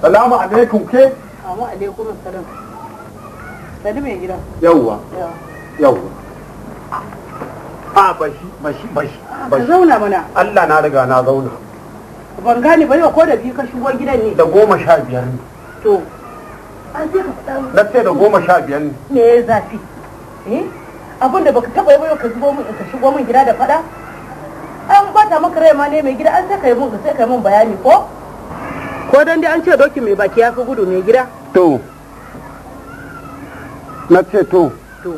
salamu alaikum ke amma alaikum salam Sani mai gida yawwa yawwa a bashi bashi bashi ka zauna mana Allah na riga na zauna ban gane ba yau ko da biyu ka shigo gidan ne da goma sha biyar ne to an ka na ce da goma sha biyar ne me ya zafi eh abin da baka taba yau ka zubo min ka shigo min gida da fada. an bata maka rai ma ne mai gida an sai ka yi mun sai ka yi mun bayani ko ko dan dai an ce doki mai baki ya fi gudu mai gida to na ce to to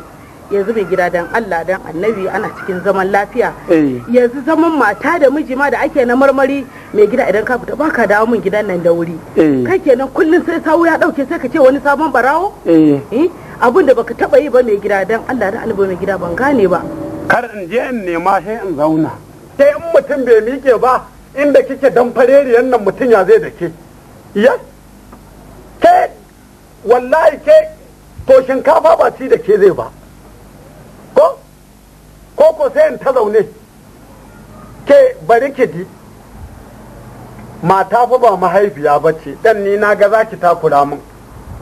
yanzu mai gida dan Allah dan annabi ana cikin zaman lafiya eh. yanzu zaman mata da miji ma da ake na marmari mai gida idan ka fita baka dawo min gidan nan da wuri eh. kai kenan kullun sai sawu ya dauke sai ka ce wani sabon barawo eh. abin da baka taba yi ba mai gida dan Allah dan annabi mai gida ban gane ba kar in je in nema sai in zauna sai in mutum bai mike ba inda kike dan fareriyan nan mutum ya zai da ke ya ke wallahi ke to shinkafa ba ci da ke zai ba ko ko ko sai ta zaune ke bari ki di mata fa ba mahaifiya ba ce dan ni na ga zaki takura min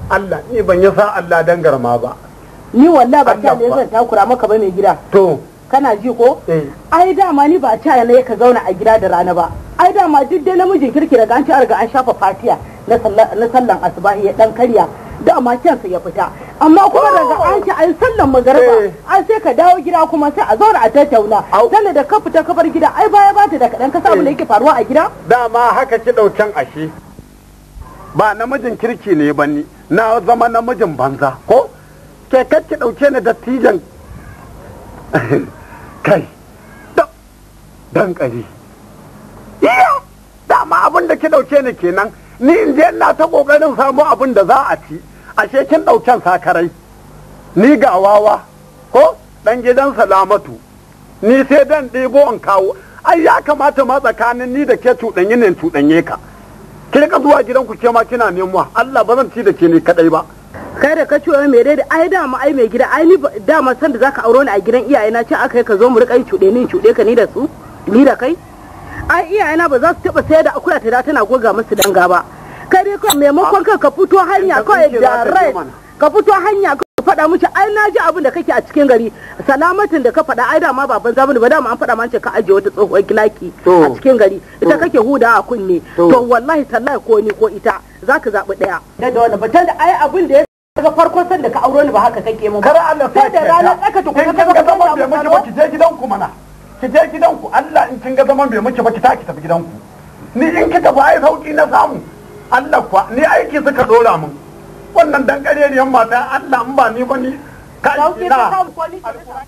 Allah ni ban yi sa Allah dan garma ba ni wallahi ba ta ne zan takura maka ba mai gida to kana ji ko eh. ai dama ni ba ta ne ka zauna a gida da rana ba ai dama duk dai namijin kirki daga an ci arga an shafa fatiya na sallan asubahi ya dan karya dama kyansa ya fita amma kuma oh! daga an ci ayi sallan magariba eh. an sai ka dawo gida kuma sai a zauna a tattauna sannan da ka fita ka bar gida ai baya ba ta da kadan ka samu da eh. yake faruwa a gida dama haka ki daukan ashe ba namijin kirki ne ba ni na zama namijin banza ko ke ki dauke ni dattijan kai dan kari iya dama abin da ki dauke ni kenan ni in je ina ta kokarin samu abin da za a ci ashe kin daukan sakarai ni ga wawa ko dan gidan salamatu ni sai dan ɗebo in kawo ai ya kamata ma tsakanin ni da ke cuɗanye ne cuɗanye ka ki rika zuwa gidan ku ke ma kina nemuwa Allah ba zan ci da ke ni kadai ba kai da ka ce wai mai daidai ai dama ai mai gida ai ni dama san da zaka aure ni a gidan iyayena ce aka yi ka zo mu rika yi cuɗe ni cuɗe ka ni da su ni da kai ai iyayena ba za su taba sayar da akuya ta tana goga musu danga ba kai dai kawai maimakon ka fito hanya kawai da rai ka fito hanya ka faɗa miki ai na ji abin da kake a cikin gari salamatin da ka faɗa ai dama baban zamani ba dama an faɗa ma ka ajiye wata tsohuwar gilaki a cikin gari ita kake huda a kunne to wallahi tallahi ko ni ko ita zaka zaɓi ɗaya da wani ba da ai abin da ya daga farkon san da ka auro ni ba haka kake mun ba kar Allah sai da ranar tsaka to kuma ka ga ba ki je gidanku Allah in kin ga zaman bai muke ba ki ta ki tafi gidanku ni in ki tafi ai sauki na samu Allah kuwa ni aiki suka dora min. wannan dan yamma mata Allah in ba ni ba ni ka ina